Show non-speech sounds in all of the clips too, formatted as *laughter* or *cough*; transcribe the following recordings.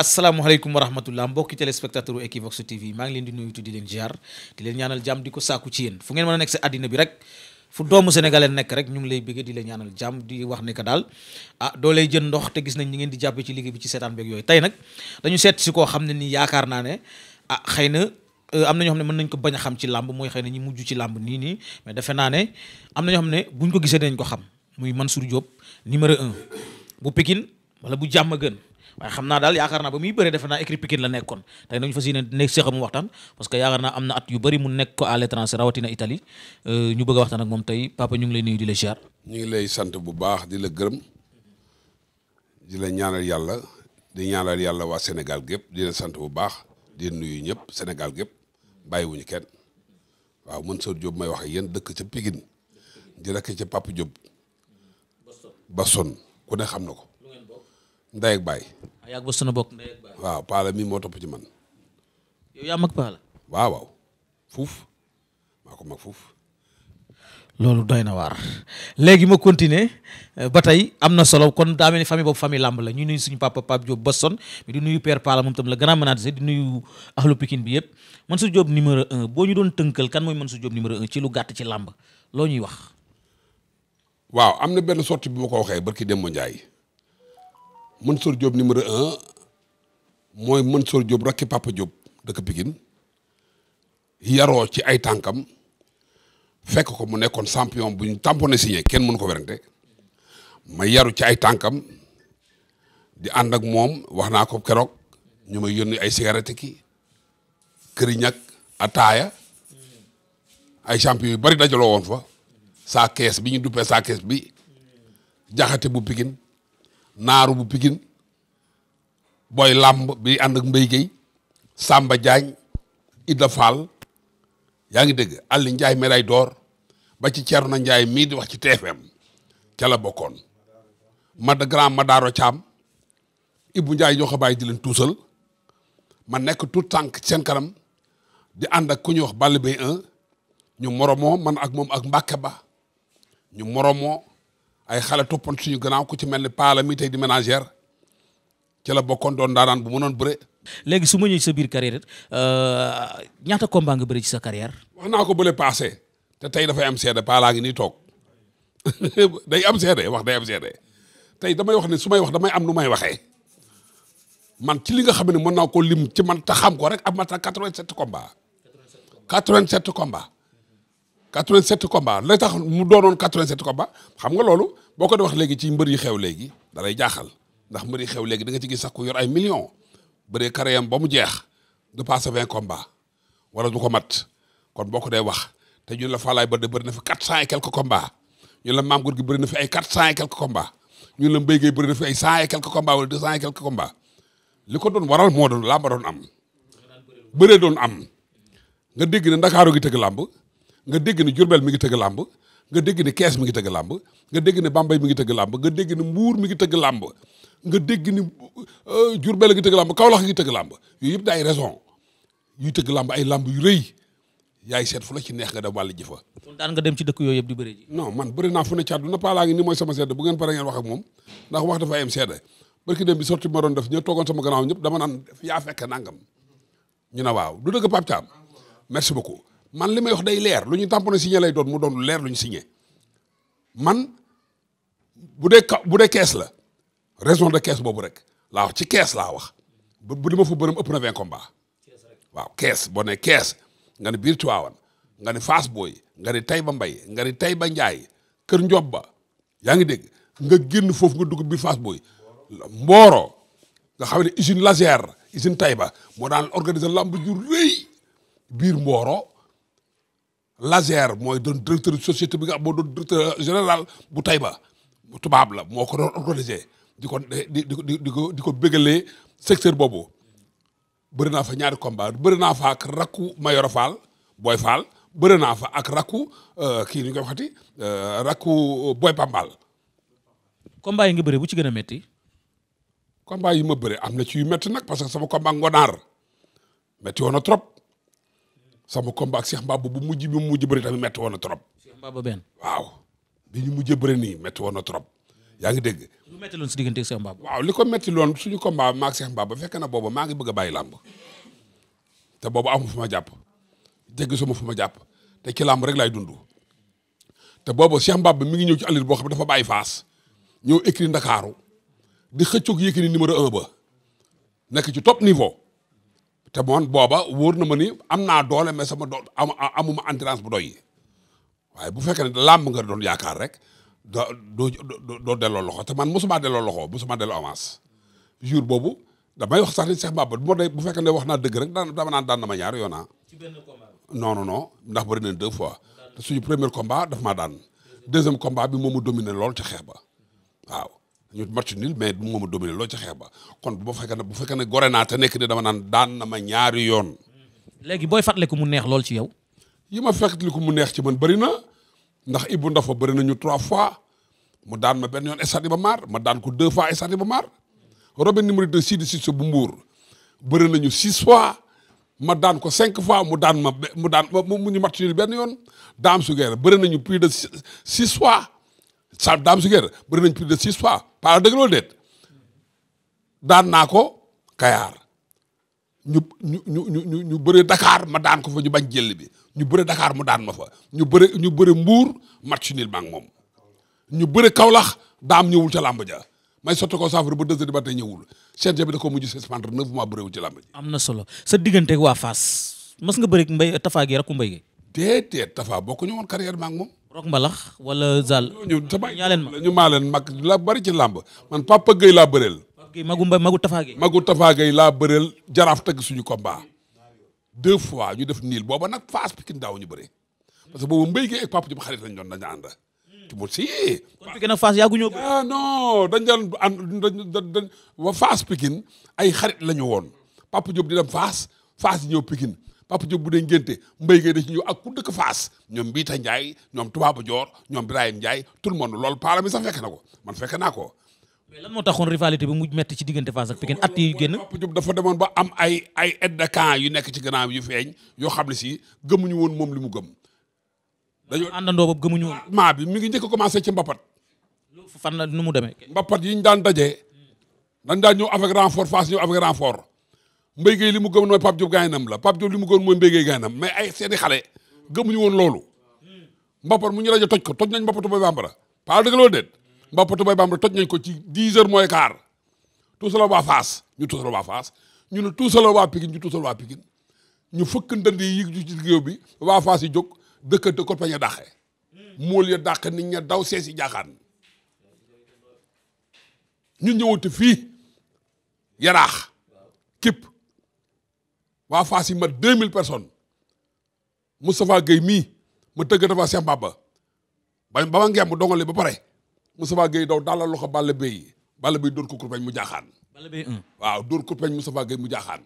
asalaamaaleykum wa rahmatullah mbokki téléspectateur u Equivox TV maa ngi leen di nuyu di leen ziar di leen ñaanal jàmm di ko sàkku ci yéen fu ngeen mën a nekk si àddina bi rek fu doomu sénégalais nekk rek ñu ngi lay bëgg di la ñaanal jàmm di wax ne que daal ah doo lay jën ndox te gis nañ ñi ngeen di jàppe ci liggéey bi ci seetaan beeg yooyu tey nag dañu seet si koo xam ne nii yaakaar naa ne ah xëy na euh, am na ñoo xam ne mën nañ ko bañ a xam ci làmb mooy xëy na ñi mujj ci làmb nii nii defe naa ne am na ñoo xam ne buñ ko gisee dañ ko xam muy Mansour Diop numéro un bu wala bu jàmm gën waaye xam naa daal yaakaar naa ba muy bëre defe naa écrit Pikine la nekkoon tey nañu fas yéene nekk séqa mu waxtaan parce yaakaar naa am na at yu bëri mu nekk ko à l'étranger rawatina Italie euh, ñu bëgg a waxtaan ak moom tey papa ñu ngi lay nuyu di la ziar. ñu ngi lay sant bu baax di la gërëm di la ñaanal yàlla di ñaanal yàlla waa Sénégal gépp di la sant bu baax di nuyu ñëpp Sénégal gépp bàyyiwuñu ken waaw Mansour Diop may wax ak yéen dëkk ca Pikine di rekk ca Papa xam na ko ndey ak baay. Ah, sunu bokk ndey ak baay. waaw Paala mii moo topp ci man. yow yaa mag Paala. waaw waaw fuuf maa ko mag fuuf. loolu doy na waar léegi ma continuer eh, ba tey am na solo kon daa mel ni famille boobu famille làmb la ñuy nuy suñu papa Pape Diop Boston mais di nuyu père Pala moom tam la grand manager di nuyu ahlu Pikine bi yëpp Mansour Diop numéro un boo ñu doon tënkal kan mooy Mansour Diop numéro un ci lu gàtt ci làmb loo ñuy wax. waaw am na benn sortie bu ma ko waxee barki Demba Ndiaye Mansour Diop jóob un mën Mansour Diop rakki Papa Diop dëkk Pikine yaroo ci ay tànkam fekk ko mu nekkoon champion bu ñu si signé kenn mënu ko werante ma yaru ci ay tànkam di ànd ak moom wax naa ko keroog ñu may yónni ay cigarette ki këriñak ataaya ay champion yu bari dajaloo woon fa saa kees bi ñu duppee saa kees bi jaxate bu Pikine naaru bu Pikine booy làmb bi ànd ak Mbaye Guèye Samba Diagne Ida Fall yaa ngi dégg Aliou Ndiaye médaille door ba ci Thierno njaay mii di wax ci TFM ca la bokkoon Mad Grand Madaro Thiam Ibou Ndiaye ñoo ko bàyyi di leen tuusal ma nekk tout tànk seen kanam di ànd ak ku ñuy wax Balla Beye ñu moromoo man ak moom ak Mbacke Ba ñu moromoo ay xale toppoon suñu gannaaw ku ci mel ni paala mi tey di ménagère ci la bokkoon doon daanaan bu noon bëre. léegi su ma ñëwee sa biir carrière euh, ñaata combat nga bëri ci sa carrière. wax naa ko bële passé te tey dafay am seede paala ngi nii toog *laughs* day am seede wax day am seede tey damay wax ne su may wax damay am nu may waxee man ci li nga xam ne mën naa ko lim ci man ta xam ko rek am na 87 combat. 87 combat. 87 combats la tax mu doonoon 87 combats xam nga loolu boo ko di wax léegi ci mbër yi xew léegi dalay jaaxal ndax mbër yi xew léegi da nga ci gis sax ku yor ay millions bëree carrière ba mu jeex du passé 20 combats wala du ko mat kon boo ko dee wax te ñu la Falaye Baldé bëri na fi 400 et quelques combats ñu la Mame Gorgui bëri na ay 400 et quelques combats ñu la Mbaye Guèye bëri na fi ay 100 et quelques combats wala 200 li ko doon waral moo doon làmb doon am. bëree doon am nga dégg na Ndakaaru gi tëgg làmb. nga dégg ne Jurbel mi ngi tëgg làmb nga dégg ne Kees mi ngi tëgg làmb nga dégg ne Bambey mi ngi tëgg làmb nga dégg ne Mbuur mi ngi tëgg làmb nga dégg ni euh, Jurbel a ngi tëgg làmb Kaolack a ngi tëgg làmb yooyu yëpp da ay raison yuy tëgg làmb ay làmb yu rëy yaay seet fu la ci neex nga dem wàll ji fa kon daan nga dëkk yooyu yëpp di bëri ji non man bëri naa fu ne ci àdduna paalaa ngi ni mooy sama seede bu ngeen pare ngeen wax ak moom ndax wax dafa am seede barki dem bi sorti ma doon def ñoo toogoon sama gannaaw ñëpp dama naan yaa fekke ñu ne waaw du dëgg Pape Thiam merci beaucoup man li may wax day leer lu ñu si signé lay doon mu doon lu leer lu ñu signé man bu dee ka bu dee kees la raison de kees boobu rek laa wax ci kees laa wax bu li ma fa bërëm ëpp na vingt combat waaw kees boo ne kees nga ne biir Tiwaawan nga ne Fass booy nga ne ba mbay nga ne ba njaay Kër Ndiob ba yaa ngi dégg nga génn foofu nga dugg biir Fass Boy Mboro nga xam ne usine Laser usine ba moo daan organise lamb ju rëy biir Mboro Lazer mooy doon directeur société bu nga xam moo doon directeur général bu Taïba bu tubaab la moo ko doon organisé di ko di di di ko di ko bégalee secteur boobu bëri naa fa ñaari combat bëri naa fa ak rakku Mayoro Fall Boy Fall bëri naa fa ak rakku euh, kii nga koy waxati euh, rakku euh, Boy Pambal. combat yi nga bëri bu ci gën a métti. combat yi ma bëri am na ci yu métti nag parce que sama combat ngonaar métti woon na trop. sama combat ak Cheikh Mbaba bu mujj bi mu mujj bëri tamit métti woon na trop. Cheikh Mbaba waaw bi ñu mujj bëri nii métti na trop yaa ngi dégg. lu métti loon si diggante ak Cheikh Mbaba. waaw li ko métti loon suñu combat ma ak Cheikh ba fekk na boobu maa ngi bëgg a bàyyi te boobu amu fu ma jàpp dégg suma fu ma jàpp te ci làmb rek laay dund te boobu Cheikh Mbaba mi ngi ñëw ci alir boo xam dafa bàyyi faas ñëw écrit Ndakaaru di xëccoog Yékini numéro un ba nekk ci top niveau. te moon booba wóor na ma ni am naa doole mais sama doole amuma endurance bu doy waaye bu fekkee ne làmb nga doon yaakaar rek doo doo delloo loxo te man mosuma delloo loxo mosuma delloo avance jour boobu damay wax sax ni Cheikh Baba bu ma bu fekkee ne wax naa dëgg rek daan dama naan daan na ma ñaar yoonaa. Ah. ci benn combat. non non non ndax bëri na deux fois te suñu premier combat daf ma daan deuxième combat bi moom mu dominé lool ci xeex ba waaw. ñu match nul mais du loo ci ba kon bu fekkee ne bu fekkee ne gore naa te nekk daan na ma ñaari yoon. léegi booy fàttaliku mu neex lool ci yow. yi ma fàttaliku mu neex ci man bëri na ndax Ibou Ndafa bëri nañu trois fois mu daan ma benn yoon stade Iba Mar ma daan ko deux fois stade Iba Mar. Robin numéro deux Sidi Cissé bu mbuur bëri nañu six fois ma daan ko cinq fois mu daan ma mu daan mu ñu match nul benn yoon Dame Suguer bëri nañu plus de six fois sa Dame Suguer bëri nañu plus de six fois. paa dëgg loolu déet daan naa ko Kayaar ñu ñu ñu ñu ñu bëre Dakar ma daan ko fa ñu bañ jël bi ñu bëre Dakar mu daan ma fa ñu bëre ñu bëre Mbuur match nul maa ngi moom ñu bëre Kaolack daam ñëwul ca làmb ja may sotti ko saafara ba deux heures ba tey ñëwul CNG bi da ko mujj suspendre neuf mois bëre wul ca làmb ja. am na solo sa diggante waa fas mas nga bëre ak Mbaye Tafa gi rakku Mbaye gi. déedéet Tafa woon carrière maa moom. Rock Mbalax wala Zal. ñooñu tabaay ñu maa leen mag la bari ci làmb man Papa Gueye laa bëreel. Papa Gueye magu magu Tafa Gueye. magu Tafa Gueye laa bëreel jaraaf tëgg suñu combat. deux fois ñu def niil booba nag Fass Pikine daaw ñu bëre. parce que boobu mbéy gi ak papa ji xarit lañ doon dañu ànd. ci bu si. kon Pikine ak ah dañ doon ànd dañ dañ wa Fass ay xarit la ñu woon Papa Diop di dem Fass Fass ñëw Pikine Papa Diop bu dee ngénte mbéy gay da ci ñëw ak ku dëkk Faas ñoom Biita Ndiaye ñoom Tubaaba Joor ñoom Birahim Ndiaye tout le monde loolu paala mi sax fekk na ko man fekk naa ko. mais lan moo taxoon rivalité bi mu metti ci diggante Fass ak Pikine at yi génn Papa Diop dafa demoon ba am ay ay de camp yu nekk ci gannaaw yu feeñ yoo xam ne si gëmuñu woon moom li mu gëm dañoo àndandoo boobu gëmuñu woon maa bi mi ngi njëkk commencé ci mbapat fan la nu mu demee mbapat yi ñu daan dajee dañ daan ñëw avec renfort Fass ñëw avec renfort Mbaye Gueye li mu gëm mooy Pape Diop gaynam la Pape Diop li mu gëm mooy Mbaye Gueye gaynam mais ay seeni xale gëmuñu woon loolu mbappat mu ñu rajo toj ko toj nañ mbappatu bay bambara paa dëgg loolu déet mbappatu bay bambara toj nañ ko ci 10 heures mooy quart tuusaloo waa Fass ñu tuusaloo waa Fass ñu ne tuusaloo waa Pikine ñu tuusaloo waa Pikine ñu fëkk ndënd yi yëg ci géew bi waa Fass yi jóg dëkkante ko peña dàqe mool ya dàqe nit ña daw sees yi jaaxaan ñun ñëwante fii yaraax képp waa Fass yi mat deux mille personnes Moustapha Guèye mii ma tëgg dafa Cheikh Baba ba ba ma ngemb dongole ba pare Moustapha Guèye daw dalal loxo Balla Beye Balla Beye dóor ko kurpeñ mu jaaxaan. Balla Beye un waaw dóor kurpeñ Moustapha Guèye mu jaaxaan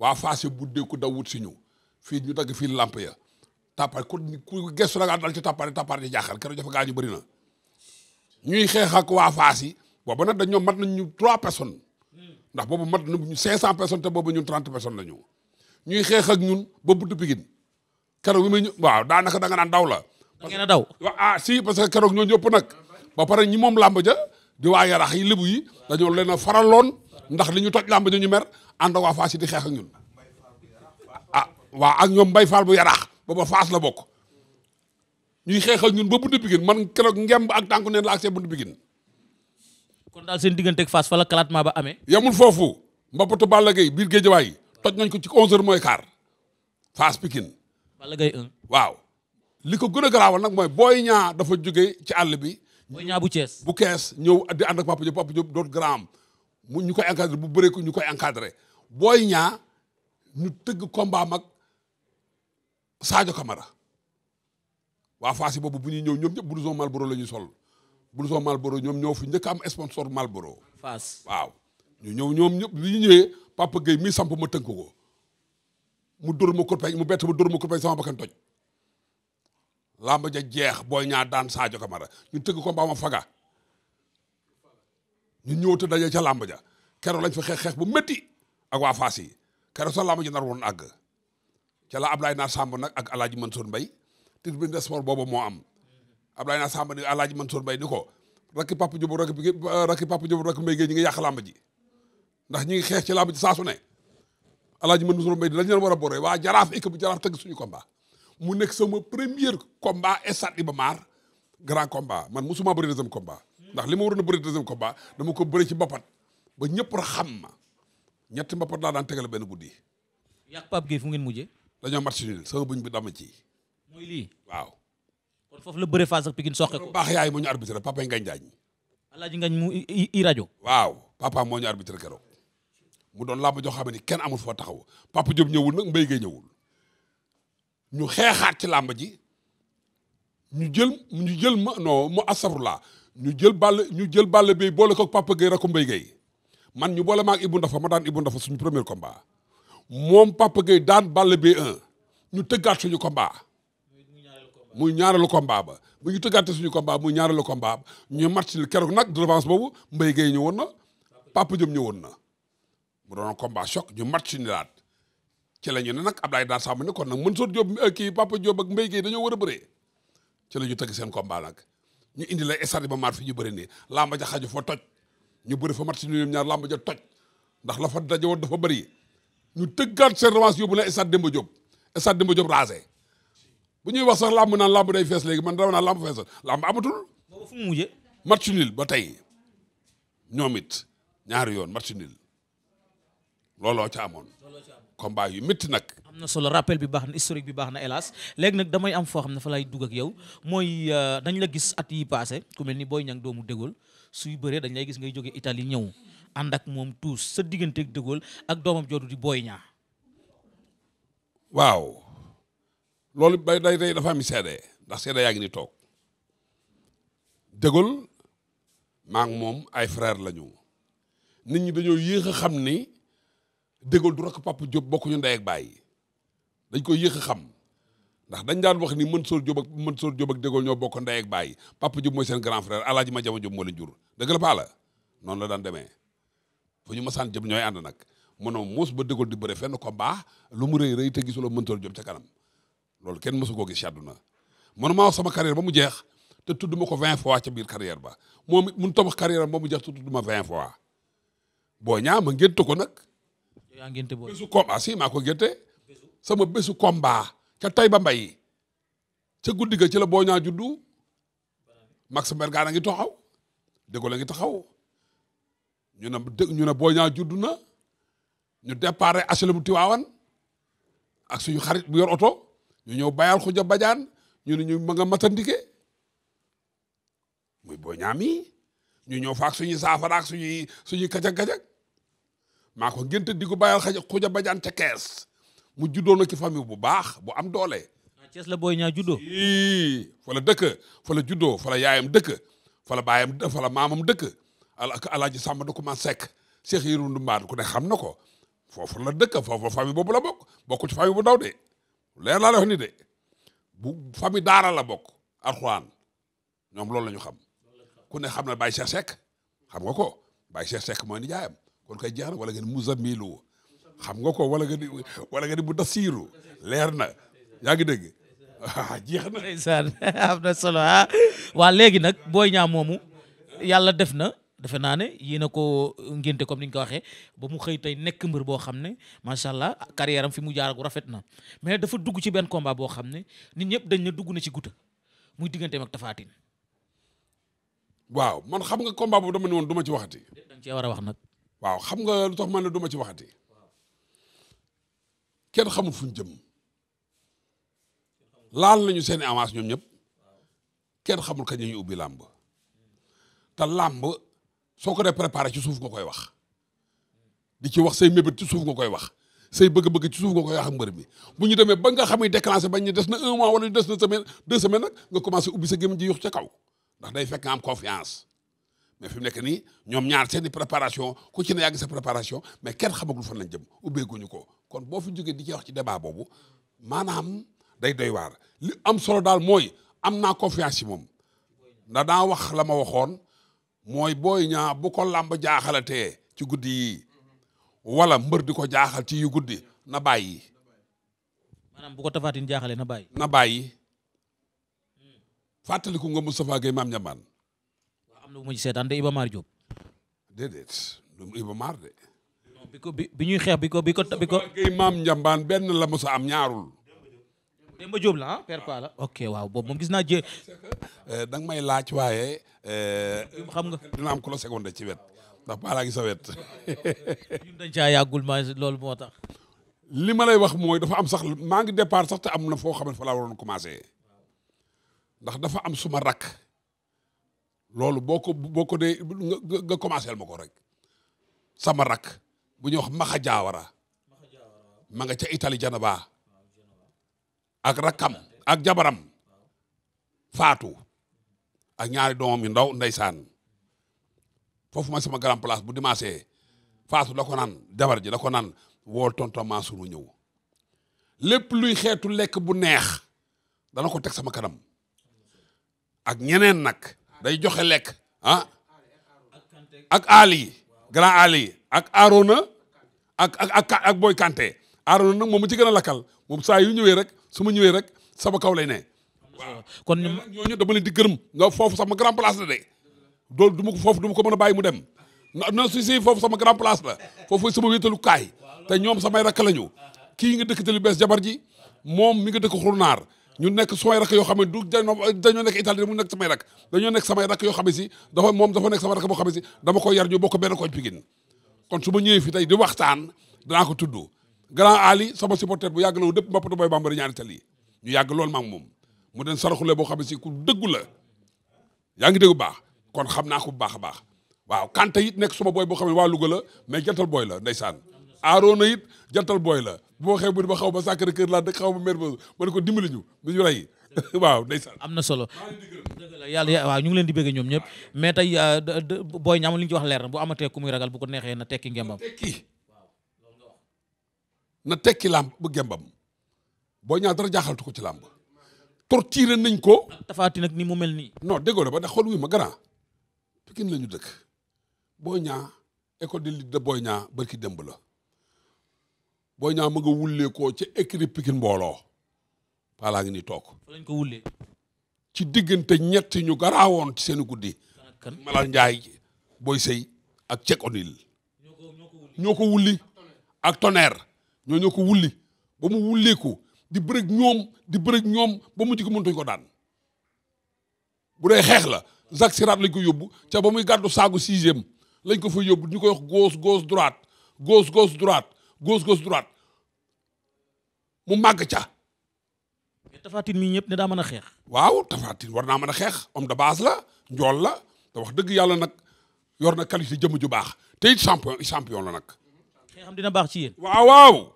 waa Fass yi buddee ku daw wut si ñu fii ñu dagg fii làmp ya tàppaat ku ku gestu la nga dal ci tàppaat tàppaat di jaaxal keroog jafe gaa ñu bari na ñuy xeex ak waa Fass yi boobu nag dañoo mat nañ ñu trois personnes. ndax boobu mat nañu 500 personnes te boobu ñun 30 personnes la ñuy xeex ak ñun ba budd Pikine keroog bi muy waaw daanaka da nga naan daw la. da ngeen a daw waaw ah si parce que keroog ñoo ñëpp nag ba pare ñi moom làmb ja di waa yarax yi lebu yi dañoo leen a loon ndax li ñu toj làmb ja ñu mer ànd waa Fass yi di xeex ak ñun ah waa ak ñoom Mbay Faal bu yarax booba Fass la bokk ñuy xeex ak ñun ba budd Pikine man keroog ngemb ak tànku neen la accès budd kon daal seen digganteeg Fass fa la kalaatmaa ba amee. yamul foofu mbappatu Balla Gaye biir Guédiawaye toj nañ ko ci 11 mooy quart Fass Pikine. waaw. li ko gën a garaawal nag mooy Boy Niang dafa jóge ci àll bi. Boy Niang bu Cees bu Cees ñëw di ànd ak Papa Diop Papa Diop ñu koy encadré bu bëree ko ñu koy encadré Boy Niang tëgg combat mag Sadio Camara waa Fass boobu bu ñuy ñëw ñoom ñëpp blouson Marlboro la ñu sol. blouson Malboro ñoom ñoo fu njëkk am mal boro Fass waaw. ñu ñëw ñoom ñëpp li ñu ñëwee Papa Gueye mii samp ma tënk ko mu dóor ma kurpeñ mu bett ma dóor ma kurpeñ sama bakkan toj. lamba ja jeex booy ñaar daan Sadio Camara ñu tëgg ko mbaama faga ñu ñëw te daje ca làmb ja keroog lañ fa xeex xeex bu métti ak waa Fass yi keroog sax lamba ja nar woon àgg ca la Ablaye Naar Samb nag ak El Hadj Mansour Mbaye titre bi sport boobu moo am. Abdoulaye Niass Samb ni Alaaji Mansour Mbaye ni ko rakki Papa Diop rakki euh, rakki Papa ñi ngi yàq làmb ji ndax ñi ngi xeex ci làmb ji saa su ne Alaaji Mansour Mbaye di lañu a booree waa jaraaf équipe bu jaraaf tëgg mu nekk sama premier combat stade Iba Mar grand combat man musuma bëri deuxième combat ndax li ma waroon a bëri deuxième combat dama ko bëri ci mbapat ba ñëpp xam ma ñetti mbapat laa daan tegale benn guddi. yàq Pape Guèye fu ngeen mujjee. dañoo match nul sama buñ bi dama ci. mooy lii waaw. kon foofu la bëre Fass ak Pikine soqe ko baax yaay moo ñu arbitré papa ngañ Diagne. alaaji ngañ mu i rajo. waaw papa moo ñu arbitré keroog mu doon làmb joo xam ni kenn amul foo taxaw papa Diop ñëwul nag mbéy gay ñëwul ñu xeexaat ci làmb ji ñu jël ñu jël ma non mu asarulaa ñu jël bàll ñu jël balle bay boole ko papa gay rakku mbéy gay man ñu boole maag Ibou Ndafa ma daan Ibou Ndafa suñu premier combat moom papa gay daan bàll bay un ñu tëggaat suñu combat. muy ñaareelu combat ba bu ñu tëggaate suñu combat muy ñaareelu kombaa ba ñu match ni keroog nag revanche boobu Mbaye Guèye ñëwoon na Papa Diop ñëwoon na mu doon combat choc ñu match ni laat ci la ñu ne nag ab Abdoulaye Dar Samb ne kon nag Mansour Diop eh, kii Papa Diop ak Mbaye Guèye dañoo war a bëree ci la ñu tëgg seen combat nag ñu indi la estade Iba Mar fi ñu bëri nii làmba ja xaju foo toj ñu bëri fa match ni ñoom ñaar làmba ja toj ndax la fa daje woon dafa bëri ñu tëggaat seen revanche yóbbu na estade Demba Diop estade Demba Diop rasé bu ñuy wax sax làmb naan làmb day fees léegi man dama naan làmb feesal làmb amatul. boobu fu mu ba tey ñoom it ñaari yoon match nul looloo ca amoon. combat yu métti nag. am na solo rappel bi baax na historique bi baax na hélas léegi nag damay am foo xam ne fa lay dugg ak yow mooy euh, dañ la gis at yi passé ku mel ni booy Niang doomu De Gaulle suy bëree dañ lay gis ngay jógee Italie ñëw ànd ak moom tous sa digganteeg De Gaulle ak doomam joodu di Boy Niang waaw. loolu ba day day dafa am seede ndax seede yaa ngi ni toog dëgul maa moom ay frère lañu nit ñi dañoo yéex xam ni dëgul du rakk Papa Diop bokkuñu ndey ak baay dañ koy yéex xam ndax dañ daan wax ni Mansour Diop ak Mansour Diop ak dëgul ñoo bokk ndey ak baay Papa Diop mooy seen grand frère El Hadj Madiama Diop moo leen jur dëgg la paa noonu la daan demee fu ñu masaan jëm ñooy ànd nag mënoo muus ba dëgul di bëre fenn ko baax lu mu rëy rëy te gisuloo Mansour Diop ca kanam. loolu kenn mësu koo gis ci àdduna ma wax sama carrière ba mu jeex te tudd ma ko vingt fois ca biir carrière ba moom it mun tabax carrière ba mu jeex te tudd ma vingt fois boo ñaa ma ngénte ko nag. yaa ngénte booy bésu combat ah, si maa ko ngénte sama bésu combat ca tay ba mbay ca guddi ga ci la boo ñaa juddu Max Mbergane a ngi taxaw déggoo la ngi taxaw ñu ne ñu ne boo ñaa juddu na ñu déparé asile bu Tiwaawan ak suñu xarit bu yor oto. ñu ñëw bayal xuja bajaan ñu ne ñu ma nga matandike muy boo ñaam ñu ñëw faak suñu saafara suñu suñuy suñuy kajak-kajak maa ko ngénte di ko bayal xuja bajaan ca kees mu juddoo na ci famille bu baax boo am doole Cees la booy ñaa juddoo ii fa dëkk fa la juddoo fa yaayam dëkk fa la baayam fa la maamam dëkk ak alaaji sàmm ko ma sekk Seex Yiru Ndumbaan ku ne xam na ko foofu la dëkk foofu famille boobu la bokk bokku ci famille bu ndaw de leer laa la wax ni de bu famille daara la bokk alxuraan ñoom loolu la xam ku ne xam na Baye Cheikh Seck xam nga ko Baye Cheikh Seck mooy nijaayam kon kay jeex na wala nga ni Muzamilu xam nga ko wala nga ni wala nga ni Mudassiru leer na yaa ngi dégg ah jeex na. *laughs* Ah. waa léegi nag booy Niang moomu yàlla def na. defe naa ne yéen a ko ngénte comme ni ñu ko waxee ba mu xëy tey nekk mbër boo xam ne macha allah carrière fi mu jaaragu rafet na mais dafa dugg ci benn combat boo xam ne nit ñëpp dañ na dugg na ci guta muy digganteem ak Tapha waaw man xam nga combat boobu dama ne woon du ma ci waxati. da nga cee war a wax nag. waaw xam lu man ne du ma ci waxati. kenn xamul fu ñu jëm. laal nañu seen avance ñoom ñëpp. kenn xamul kañ la ñuy ubbi làmb. te làmb soo ko dee préparé ci suuf nga koy wax di ci wax say mébét ci suuf nga koy wax say bëgg-bëgg ci suuf nga koy wax ak mbër mi bu ñu demee ba nga xam ne déclenché bañ ñu des na un mois des na semaine deux semaines nag nga commencé ubbi sa gémmiñ ji yux ca kaw ndax day fekk nga am confiance mais fi nekk nii ñoom ñaar seeni préparation ku ci ne yàgg sa préparation mais kenn xamagul fan lañ jëm ubbeeguñu ko kon boo fi jógee di ci wax ci débat boobu maanaam day doy waar li am solo daal mooy am naa confiance moom ndax daa wax la ma waxoon mooy booy ñaa bu ko làmb jaaxalatee ci guddi yii wala mbër di ko jaaxal ci yu guddi na bàyyi. maanaam bu ko tafaatin jaaxalee na bàyyi. na bàyyi fàttaliku nga Moustapha Gueye maam Ndiambane. waaw am na bu ma seetaan de Iba Mar bi ko ñuy xeex bi ko bi ko benn la mos am ñaarul. Demba Diop la ah, la ok waaw boobu moom gis naa jé. Euh, da may laaj waaye. Euh, xam nga dina am ku la seconde ci wet ndax Pa laa ngi sa wet. *laughs* loolu moo tax. li ma lay wax mooy dafa am sax maa ngi départ sax te foo xam ne fa laa waroon commencé ndax dafa am suma rakk loolu boo ko boo ko dee nga commencé ma ko rek sama rakk bu ñuy wax Maxa Jaawara ma nga ca Italie Janaba ak rakkam ak jabaram faatu ak ñaari doomam yu ndaw ndeysaan foofu ma sama grand place bu dimanche faatu la ko naan jabar ji la ko naan wool tonton mu ñëw lépp luy xeetu lekk bu neex dana ko teg sama kanam ak ñeneen nag day joxe lekk ah ak Ali grand Ali ak Arona ak ak ak ak Boy kante Arona nag moom mu ci gën a lakkal moom saa yu ñëwee rek su ma ñëwee rek sama kaw lay ne. waaw kon ñooñu dama leen di gërëm nga foofu sama grand place la de. loolu du ko foofu du ko mën a bàyyi mu dem na na su si foofu sama grand place la foofu sama wéetalu kaay te ñoom samay rakk lañu kii nga dëkk te lu bees jabar ji moom mi nga dëkk xurnaar ñu nekk samay rakk yoo xam ne du dañoo nekk Italie mu nekk samay dañoo nekk samay rakk yoo xam ne si dafa moom dafa nekk sama rakk boo xam ne si dama ko yar ñu bokk benn koñ Pikine kon su ma ñëwee fii tey di waxtaan danaa ko tudd grand Ali sama supporter bu yàgg la wu dëpp mbappatu booy bambara ñaari tali ñu yàgg lool maam moom mu den saraxule boo xam ne si ku dëggu la yaa ngi dégg baax kon xam naa ko bu baax a baax waaw Kanté it nekk suma booy boo xam ne waa Louga la mais jantal booy la ndeysaan Arona it jantal booy la bu ma xew ba xaw ma Sacré Cœur laa dëkk xaw ma mer ma ne ko dimbali ñu bu ñu rey *laughs* waaw am na solo dëgg la ñu ngi leen di bëgg ñoom ñëpp mais tey euh, booy ñaamul li ñu ci wax leer na bu amatee ku muy ragal bu ko neexee na tekki ngembam tekki na tekki làmb bu gembam booy ñaar dara jaaxaltu ko ci làmb torturé nañ ko. tafaati nag ni mu mel nii. non déggoo ba ndax xool wi ma grand Pikine la dëkk booy ñaa école de booy ñaa barki démb la booy ñaa ma nga wullee koo ca écrit mbooloo paalaa ngi nii toog. fa lañ ko wullee. diggante ñetti ñu garaawoon ci seeni guddi. kan Malal Ndiaye Sey ak Cek Onil. ñoo ko wulli ak Tonnerre. ñoo ñoo ko wulli ba mu wulleeku di bërëg ñoom di bërëg ñoom ba mu ci mun mëntuñ ko daan bu dee xeex la Jacques Sirat lañ ko yóbbu ca ba muy gàddu saagu sixième lañ ko fa yóbbu ñu koy wax gauche gauche droite gauche gauche droite gauche gauche droite mu màgg ca. mais tafatin mi ñëpp ne daa mën a xeex. waaw tafatin war naa mën a xeex om de base la njool la te wax dëgg yàlla nag yor na qualité jëmm ju baax te it champion champion la nag. xeexam dina baax ci yéen. waaw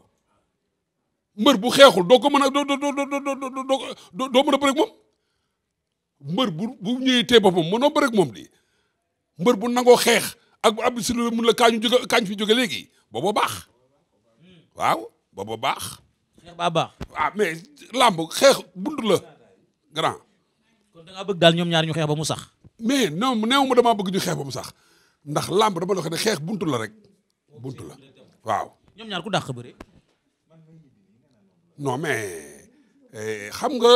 mbër bu xeexul doo ko mën a doo doo doo doo doo mën a bëreeg moom mbër bu bu ñëwee tee boppam mënoo bëreeg moom di mbër bu nangoo xeex ak bu abbi si lu mun la kaañu jóge kaañ fi jóge léegi booba baax waaw booba baax. xeex baa baax. ah mais làmb xeex bunt la grand. kon da bëgg daal ñoom ñaar ñu xeex ba mu sax. mais non néew ma damaa bëgg ñu xeex ba mu sax ndax làmb dama la wax ne xeex buntu la rek buntu la waaw. ñoom ñaar ku dàq bëre. non mais eh, xam nga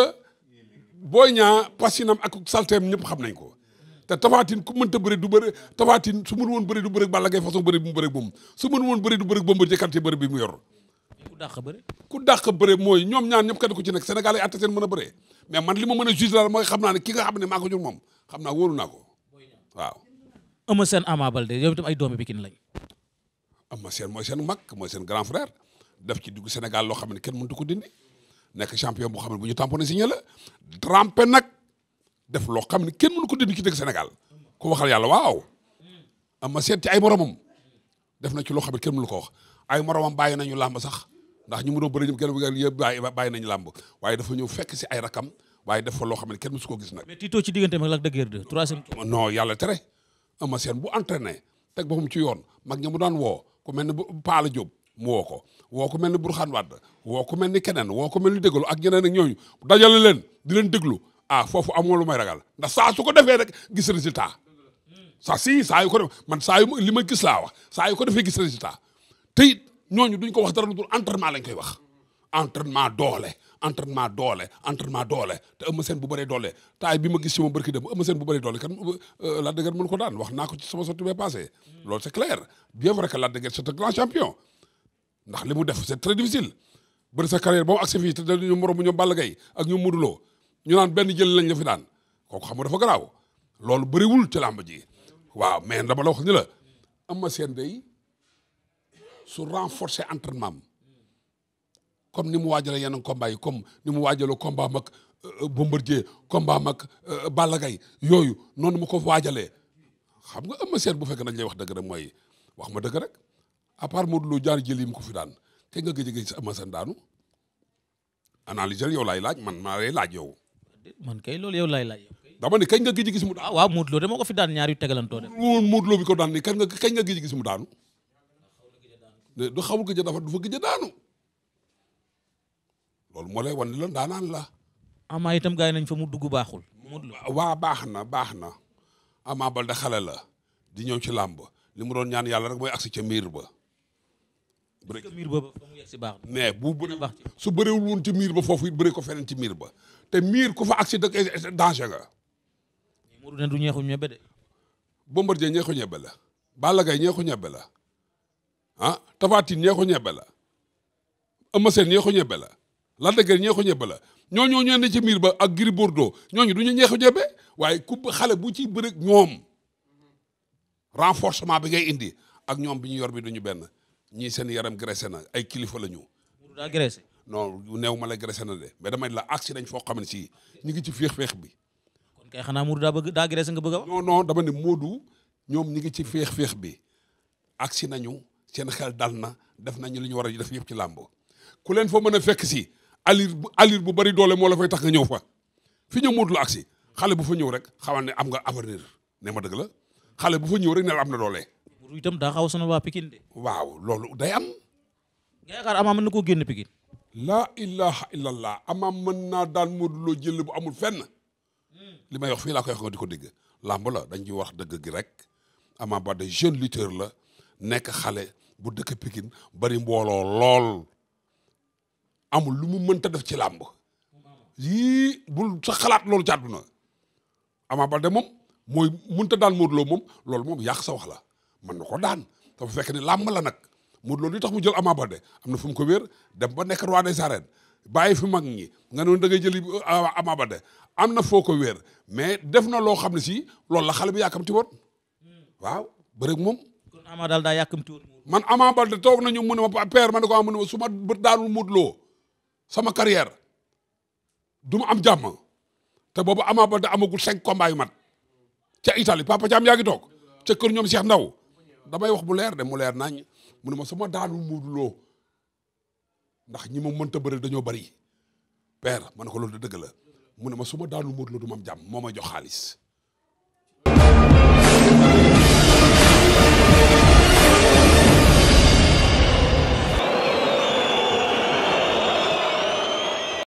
Boy Niang passinam ak salteem ñëpp xam nañ ko te Tafatine ku mënta bëri du bëri Tafatine su mënu woon bëri du bëri Balla Gaye façon bëri bu mu bëri moom su mënu woon bëri bëri Bombardier qualité bëri bi mu yor. ku dàq bëri. ku mooy ñoom ñaan ñëpp kenn ku ci nekk Sénégal yi àtte seen mën a bëree mais man li mën a juge daal mooy xam naa ne ki nga xam ne maa ko jur moom xam naa wóolu naa ko waaw. Eumeu Sène Ama Baldé yow itam ay bi Pikine lañ. Eumeu Sène mooy seen mag mooy seen grand frère def ci dugg Sénégal loo xam ne kenn mënut ko dindi nekk champion boo xam ne bu ñu tamponné signé la trempé nag def loo xam ne kenn mënu ko dindi ci dëkk Sénégal ku waxal yàlla waaw am ma seet ay moromam def na ci loo xam ne kenn mënu ko wax ay moromam bàyyi nañu làmb sax ndax ñu mënoo bëri ñoom kenn yëpp bàyyi nañu làmb waaye dafa ñëw fekk si ay rakam waaye def fa loo xam ne kenn mësu ko gis nag. mais tiitoo ci diggante mag Lac de Guiers 2 troisième non yàlla tere am ma seen bu entraîné teg boppam ci yoon mag ña mu daan woo ku mel ni bu Paala Diop mu woo ko woo ko mel ni Burkhane Wade woo ko mel ni keneen woo ko mel ni déglu ak ñeneen ak ñooñu dajale leen di leen déglu ah foofu amoo lu may ragal ndax saa su ko defee rek gis résultat saa si saa yu ko def man saa li ma gis laa wax saa ko defee gis résultat te it ñooñu duñ ko wax dara lu dul entraînement lañ koy wax entraînement doole entraînement doole doole te Eumeu Sène bu bëree doole taay bi ma gis si ma barki dem Eumeu bu bëree doole kan euh, Lac de ko daan wax naa ndax li mu def c'est très difficile bëri sa carrière boobu accès fii te dañu morom bu ñoom Balla Gaye ak ñu Modou Lo ñu naan benn jël lañ la fi daan kooku xam nga dafa garaaw loolu bëriwul ci làmb ji waaw mais dama la wax ni la Eumeu Sène day su renforcer entraînement comme ni mu waajalee yeneen combat yi comme ni mu waajalee combat mag euh, Bombardier combat mag euh, Balla Gaye yooyu noonu mu ko waajalee xam nga Eumeu Sène bu fekk nañ lay wax dëgg rek mooy wax ma dëgg rek à part Modou Lo jaar jël yi mu ko fi daan kañ nga gëj a gis Eumeu Sène daanu analyser yow laay laaj man maa lay laaj yow. man kay loolu yow laay laaj. dama ne kañ nga gëj a gis mu. ah waaw Modou Lo fi daan ñaar yu tegalantoo de. Modou ko daan ni kañ nga kañ nga gis mu daanu. du xawul gëj dafa du fa gëj daanu. loolu moo lay wan la daanaan la. Ama itam gars yi nañ fa mu dugg baaxul. waa baax na baax na Ama Baldé xale la di ñëw ci làmb li mu doon ñaan yàlla rek mooy agsi ca miir ba. bu dee miir fa mu yegg si baax mais bu bëri su bëriwul woon ci miir ba foofu it bëri ko feneen ci miir ba te miir ku fa agsi da danger nga. Modou ne du ñeexu ñebe ñeexu ñebe la. Balla Gaye ñeexu la. ah Tapha Tine ñeexu ñebe la. Eumeu Sène ñeexu ñebe la. Lac de ñeexu ñebe la ñooñoo ñoo ne ci miir ba ak Gris Bordeaux ñooñu du ñu ñeexu ñebe waaye ku xale bu ci bëri ñoom renforcement bi ngay indi ak ñoom bi ñu yor bi du ñu benn. ñii seen yaram graissé na ay kilifa la ñu. daa graissé. non new ma la graissé na de mais damay la agsi nañ foo xam ne si ñu ngi ci féex-féex bi. kon kay xanaa Modou daa bëgg daa graissé bëgg a wax. non non dama ne Modou ñoom ñu ngi ci féex-féex bi agsi nañu seen xel dal na def nañu li ñu war a def yëpp ci làmb ku leen fa mën a fekk si alir alir bu bari doole moo la fay tax nga ñëw fa fi ñëw Modou la agsi xale bu fa ñëw rek xamal ne am nga avenir ne ma dëgg la xale bu fa ñëw rek ne am na doole. Buru itam daa xaw a sonal waaw loolu day am. nga yaakaar Ama mën na koo génn Pikine. laa ilaha illallah Ama mën naa daan Modou Lo jël bu amul fenn. li may wax fii laa koy wax nga di ko dégg. làmb la dañ ciy wax dëgg gi rek Ama Baldé jeune lutteur la nekk xale bu dëkk Pikine bari mbooloo lool amul lu mu mënta def ci làmb. yii bul sa xalaat loolu ci àdduna Ama Baldé moom mooy mënta daan Modou moom loolu moom yàq sa wax la. mën na ko daan dafa fekk ne làmb la nag Modou Lo tax mu jël Ama Baldé am na fu mu ko wér dem ba nekk roi des arènes bàyyi fi mag ñi nga noonu da ngay jëli euh, Ama Baldé am na foo ko weer mais def na loo xam ne si loolu la xale bi yàkkamti woon waaw bëreeg moom. kon Ama daal daa yàkkamti woon man Ama Baldé toog nañu mu ne ma père ma ne ko ah, mu ne ma su ma daanul Modou sama carrière du ma am jàmm te boobu Ama Baldé amagul cinq combats yu mat ca Italie papa Thiam yaa ngi toog ca kër ñoom seex Ndaw damay wax bu leer de mu leer nañ mu ne ma sama daanu muuduloo ndax ñi ma mënta bëri dañoo bari père ma ne ko loolu da dëgg la mu ne ma su ma daanu muuduloo du ma am jàmm moo ma jox xaalis